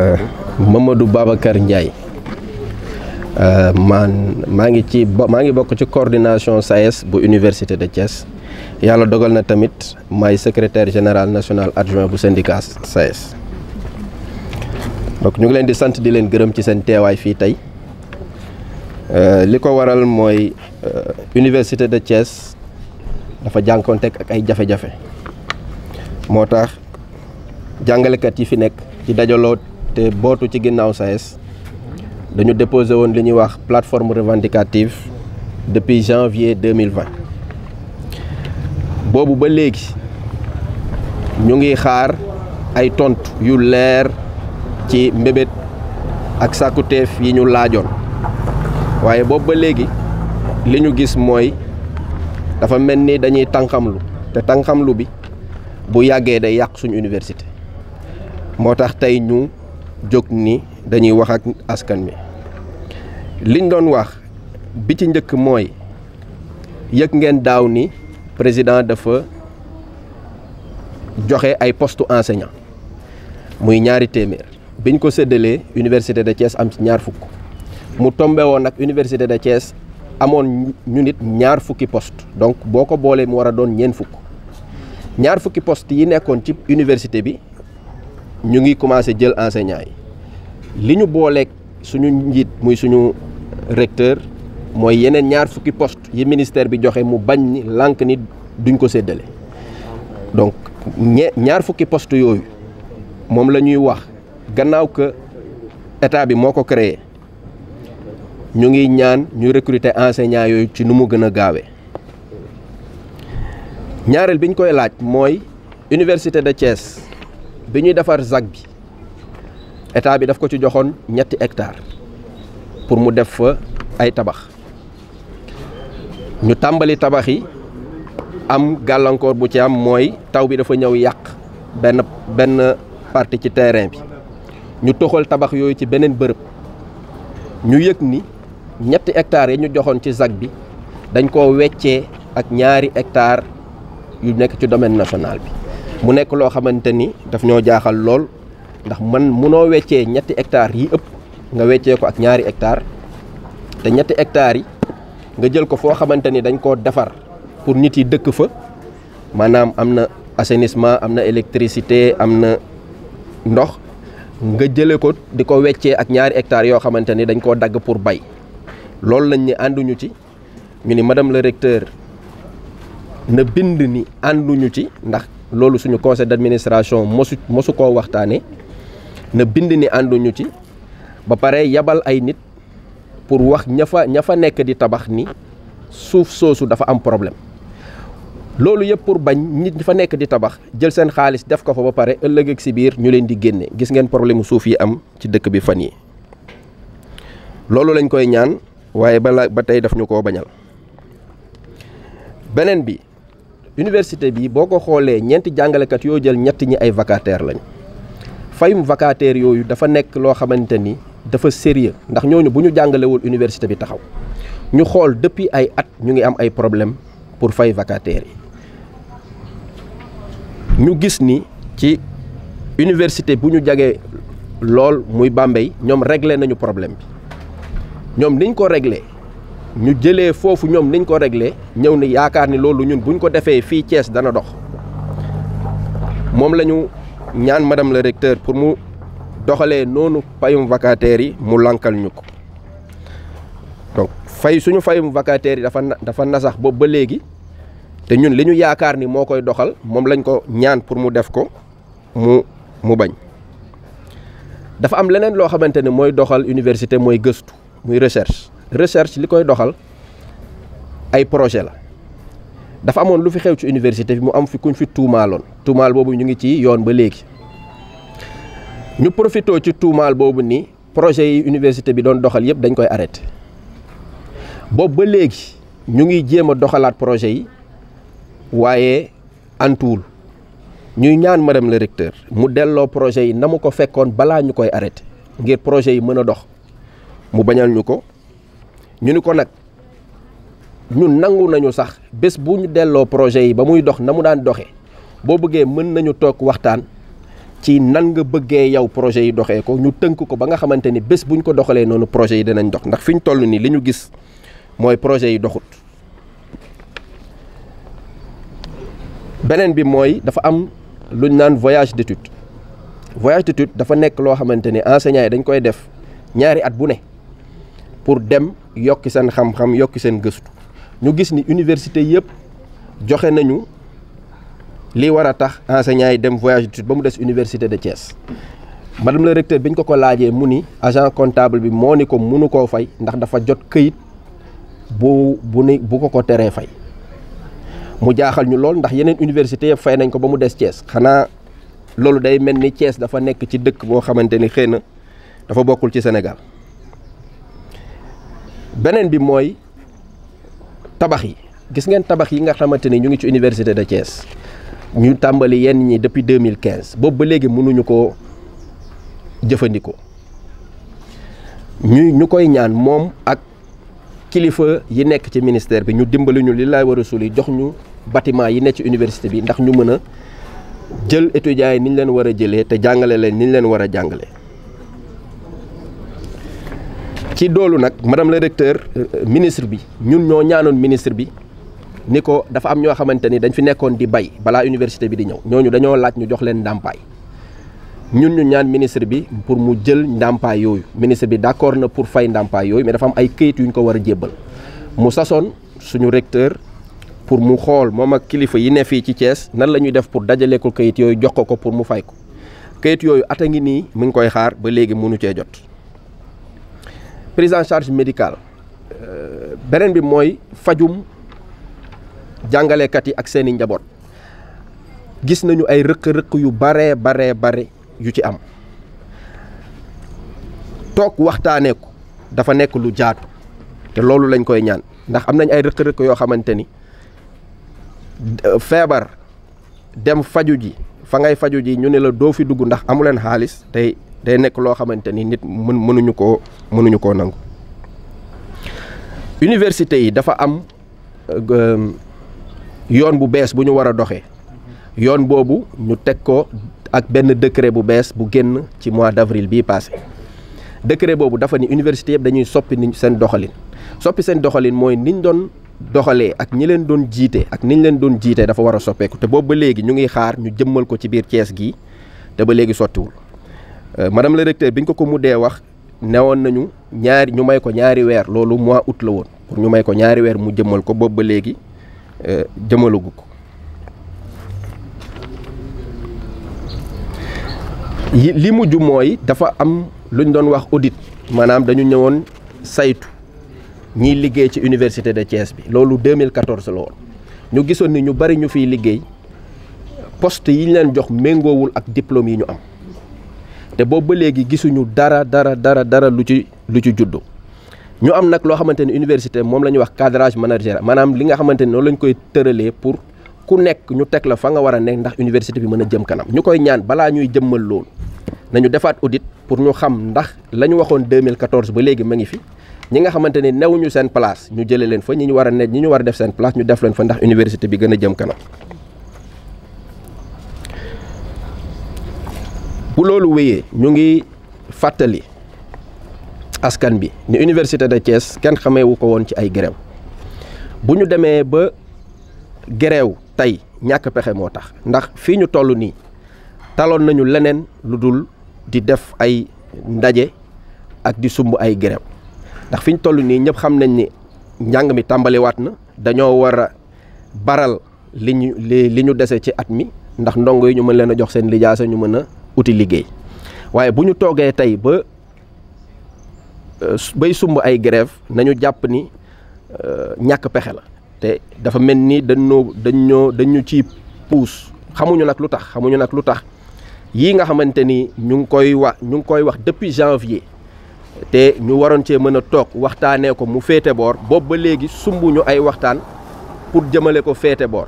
Euh, du Babacar Ndiaye euh, man maa ngi ci maa ngi bokk ci coordination SAES e bu université de Thiès yàlla dogal na tamit may secretaire général national adjoint bu syndicat SAES e donc ñu ngi leen di sant di leen gërëm ci seen teewaay fii tey euh, li ko waral mooy université de Thiès dafa jànkoonteeg ak ay jafe-jafe moo tax jàngalekat yi fi nekk ci dajaloo te bootu ci ginnaaw SAES dañu déposé woon li ñuy wax plateforme revendicative depuis janvier 2020 boobu ba léegi ñu ngi xaar ay tontu yu leer ci mbébét ak sàkkuteef yi ñu laajoon waaye boobu ba léegi li ñu gis mooy dafa mel ni dañuy tànqamlu te tànqamlu bi bu yàggee day yàq suñu université moo tax tey ñu jóg ni dañuy wax ak askan wi liñ doon wax bi ci njëkk mooy yëg ngeen daaw ni président dafa joxe ay postu enseignant muy ñaari téeméer biñ ko séddalee université de Thiès am ci ñaar fukk mu tombe woon nag université de Thiès amoon ñu nit ñaar fukki poste donc boo ko boolee mu war a doon ñeent fukk ñaar fukki poste yi nekkoon ci université bi ñu ngi commencé jël enseignants yi li ñu booleek suñu njiit muy suñu recteur mooy yeneen ñaar fukki poste yi ministère bi joxe mu bañ ni lànk ni duñ ko séddale donc ñe ñaar fukki poste yooyu moom la ñuy wax gannaaw que état bi moo ko créé ñu ngi ñaan ñu recruter enseignants yooyu ci nu mu gën a gaawee ñaareel bi ñu koy laaj mooy université de Thiès. bi ñuy defar ZAC bi état bi daf ko ci joxoon ñetti hectares pour mu def fa ay tabax ñu tàmbali tabax yi am gàllankoor bu ci am mooy taw bi dafa ñëw yàq benn benn partie ci terrain bi ñu toxal tabax yooyu ci beneen bërëb ñu yëg ni ñetti hectares yi ñu joxoon ci ZAC bi dañ koo weccee ak ñaari hectares yu nekk ci domaine national bi mu nekk loo xamante ni daf ñoo jaaxal lool ndax man munoo weccee ñetti hectares yi ëpp nga weccee ko ak ñaari hectares te ñetti hectares yi nga jël ko foo xamante ni dañ koo defar pour nit yi dëkk fa maanaam am na assainissement am na électricité am na ndox nga jëlee ko di ko weccee ak ñaari hectares yoo xamante ni dañ koo dagg pour bay loolu lañ ni ànduñu ci ñu ni madame la recteur na bind ni ànduñu ci ndax loolu suñu conseil d'administration mosu mosu koo waxtaane na bind ni ànduñu ci ba pare yabal ay nit pour wax ña fa ña fa nekk di tabax ni suuf soosu dafa am problème loolu yëpp pour bañ nit ñi fa nekk di tabax jël seen xaalis def ko fa ba pare ëllëg ak si biir ñu leen di génne gis ngeen problème suuf yi am ci dëkk bi fan yi loolu lañ koy ñaan waaye bala ba tey daf ñu koo bañal beneen bi université bi boo ko xoolee ñeenti jàngalekat yoo jël ñett ñi ay vacataire lañ fayum vacataire yooyu dafa nekk loo xamante ni dafa sérieux ndax ñooñu bu ñu jàngalewul université bi taxaw ñu xool depuis ay at ñu ngi am ay problème pour fay vacataires yi ñu gis ni ci université bu ñu jagee lool muy Bambey ñoom réglé nañu problème bi ñoom niñ ko réglé ñu jëlee foofu ñoom niñ ko réglé ñëw ni yaakaar ni loolu ñun buñ ko defee fii cees dana dox moom la ñu ñaan madame la recteur pour mu doxalee noonu payum vacataires yi mu lankal ñu ko donc fay suñu fayum vacataires yi dafa dafa nasax boobu ba léegi te ñun li ñu yaakaar ni moo koy doxal moom lañ ko ñaan pour mu def ko mu mu bañ dafa am leneen loo xamante ne mooy doxal université mooy gëstu muy recherche recherche li koy doxal ay projet la dafa amoon lu fi xew ci université bi mu am fi ku ñu fi tuumaaloon tuumaal boobu ñu ngi ci yoon ba léegi ñu profité ci tuumaal boobu ni projet yi université bi doon doxal yëpp dañ koy arrêté boobu ba léegi ñu ngi jéem a doxalaat projet yi waaye antuwul ñuy ñaan madame le recteur mu delloo projet yi na mu ko fekkoon balaa ñu koy arrêté ngir projet yi mën a dox mu bañal ñu ko ñu ni ko nag ñun nangu nañu sax bés bu ñu delloo projet yi ba muy dox na mu daan doxe boo bëggee mën nañu toog waxtaan ci nan nga bëggee yow projet yi doxee ko ñu tënk ko ba nga xamante ni bés bu ñu ko doxalee noonu projet yi dinañ dox ndax fi ñu toll nii li ñu gis mooy projet yi doxut beneen bi mooy dafa am lu luñ naan voyage d'étude voyage d'étude dafa nekk loo xamante ni enseignants yi dañ koy def ñaari at bu ne pour dem yokki seen xam-xam yokki seen gëstu ñu gis ni université yëpp joxe nañu li war a tax enseignants yi dem voyage d'étude ba mu des université de Thiès madame le recteur bi ñu ko ko laajee mu ni agent comptable bi moo ni ko mënu koo fay ndax dafa jot kayit bu bu ni bu ko ko teree fay mu jaaxal ñu lool ndax yeneen université yëpp fay nañ ko ba mu des cees xanaa loolu day mel ni Thiès dafa nekk ci dëkk boo xamante ni xëy na dafa bokkul ci Sénégal beneen bi mooy tabax yi gis ngeen tabax yi nga xamante ni ñu ngi ci université de Thiès ñu tàmbali yenn ñi depuis 2015 boobu ba léegi mënuñu ko jëfandikoo ñu ñu koy ñaan moom ak kilifa yi nekk ci ministère bi ñu dimbali ñu li laay war a suul yi jox ñu bâtiment yi nekk ci université bi ndax ñu mën a jël étudiants yi ni ñu leen war a jëlee te jàngale leen ni ñu leen war a jàngale ci doolu nag madame le recteur euh, ministre bi ñun ñoo ñaanoon ministre bi ni ko dafa am ñoo xamante ni dañ fi nekkoon di bay balaa université bi di ñëw ñooñu dañoo laaj ñu jox leen ndàmpaay ñun ñu ñaan ministre bi pour mu jël ndàmpaay yooyu ministre bi d'accord na pour fay ndàmpaay yooyu mais dafa am ay kayit yu ñu ko war a jébbal mu sasoon suñu recteur pour mu xool moom ak kilifa yi ne fii ci Thiès nan la ñuy def pour dajale ko këyit yooyu jox ko ko pour mu fay ko këyit yooyu at ngi nii mi ngi koy xaar ba léegi mënu cee jot prise en charge médicale euh, beneen bi mooy fajum jàngalekat yi ak seeni njaboot gis nañu ay rëq-rëq yu baree baree bare yu ci am toog waxtaanee ko dafa nekk lu jaatu te loolu lañ koy ñaan ndax am nañ ay rëq-rëq yoo xamante ni euh, feebar dem faju ji fa ngay faju ji ñu ne la doo fi dugg ndax amuleen xaalis tey day nekk loo xamante ni nit mën mënuñu koo mënuñu koo nangu université yi dafa am euh, euh, yoon bu bees bu ñu war a doxee yoon boobu ñu teg ko ak benn décret bu bees bu génn ci mois d'avril bii passé décret boobu dafa ni université yëpp dañuy soppi ni seen doxalin soppi seen doxalin mooy ñu doon doxalee ak ñi leen doon jiite ak niñ leen doon jiitee dafa war a soppeeku te boobu ba léegi ñu ngi xaar ñu jëmmal ko ci biir Cees gii te ba léegi sottiwul Euh, madame le recteur biñ ko ko mu dee wax newoon nañu ñaari ñu may ko ñaari weer loolu mois août la woon pour ñu may ko ñaari weer mu jëmal ko boobu ba léegi euh, jëmmalagu ko li mujj mooy dafa am lu luñ doon wax audit maanaam dañu ñëwoon saytu ñiy liggéey ci université de Thiès bi loolu 2014 la woon ñu gisoon ni ñu bari ñu fiy liggéey poste yi ñu leen jox méngoowul ak diplôme yi ñu am te boobu ba léegi gisuñu dara dara dara dara lu ci lu ci juddu ñu am nag loo xamante ni université moom la ñuy wax cadrage managérial maanaam li nga xamante ni noonu lañu koy tëralee pour ku nekk ñu teg la fa nga war a nekk ndax université bi mën a jëm kanam ñu koy ñaan balaa ñuy jëmmal loolu nañu defaat audit pour ñu xam ndax la ñu waxoon 2014 ba léegi ma ngi fi ñi nga xamante ni newuñu seen place ñu jëlee leen fa ñi ñu war a ne ñi ñu war a def seen place ñu def leen fa ndax université bi gën a jëm bu loolu wéyee ñu ngi fàttali askan bi ni université de Thiès kenn xamewu ko woon ci ay grève bu ñu demee ba grève tey ñàkk pexe moo tax ndax fii ñu toll nii taloon nañu leneen lu dul di def ay ndaje ak di sumb ay grève ndax fi ñu toll nii ñëpp xam nañ ni njàng mi tàmbaliwaat na dañoo war a baral li ñu li ñu dese ci at mi ndax ndongo yi ñu mën leen a jox seen lijaasa ñu mën a uti liggéey waaye bu ñu toogee tey ba euh, bay sumb ay grève nañu jàpp ni euh, ñàkk pexe la te dafa mel ni dañ noo dañ ñoo dañ ñu ci puus xamuñu nag lu tax xamuñu nag lu tax yii nga xamante ni ñu ngi koy wax ñu ngi koy wax depuis janvier te ñu waroon cee mën a toog waxtaanee ko mu féete boor boobu ba léegi sumbuñu ay waxtaan pour jëmale ko féete boor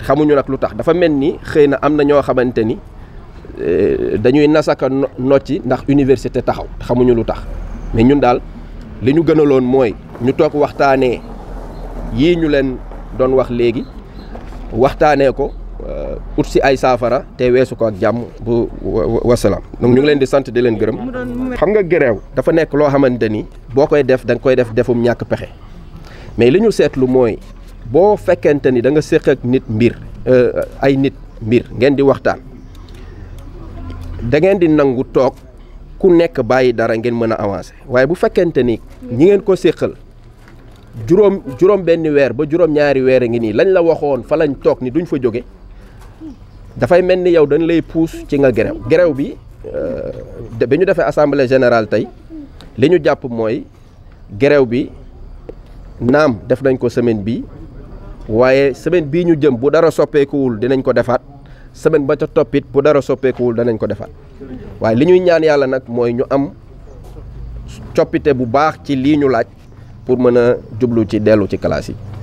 xamuñu nag lu tax dafa mel ni xëy na am na ñoo xamante ni Euh, dañuy nasaka nocci ndax université taxaw xamuñu lu tax mais ñun daal li ñu gënaloon mooy ñu toog waxtaanee yii ñu leen doon wax léegi waxtaanee ko euh, ut si ay saafara te weesu ko ak jàmm bu wasalaam donc ñu ngi leen di sant di leen gërëm xam nga gréew dafa nekk loo xamante ni boo koy def da nga koy def defum ñàkk pexe mais li ñu seetlu mooy boo fekkente ni da nga séq nit mbir euh, ay nit mbir ngeen di waxtaan da ngeen di nangu toog ku nekk bàyyi dara ngeen mën a avancer waaye bu fekkente ni ñi ngeen ko séqal juróom juróom benn weer ba juróom ñaari weer a ngi nii lañ la waxoon fa lañ toog ni duñ fa jóge dafay mel ni yow dañ lay puus ci nga gerew gerew bi euh, bi ñu defee assemblée générale tey li ñu jàpp mooy gerew bi naam def nañ ko semaine bi waaye semaine bii ñu jëm bu dara soppeekuwul dinañ ko defaat semaine ba ca toppit bu dara soppeekuwul danañ ko defaat waaye li ñuy ñaan yàlla nag mooy ñu am coppite bu baax ci lii ñu laaj pour mën a jublu ci dellu ci classe yi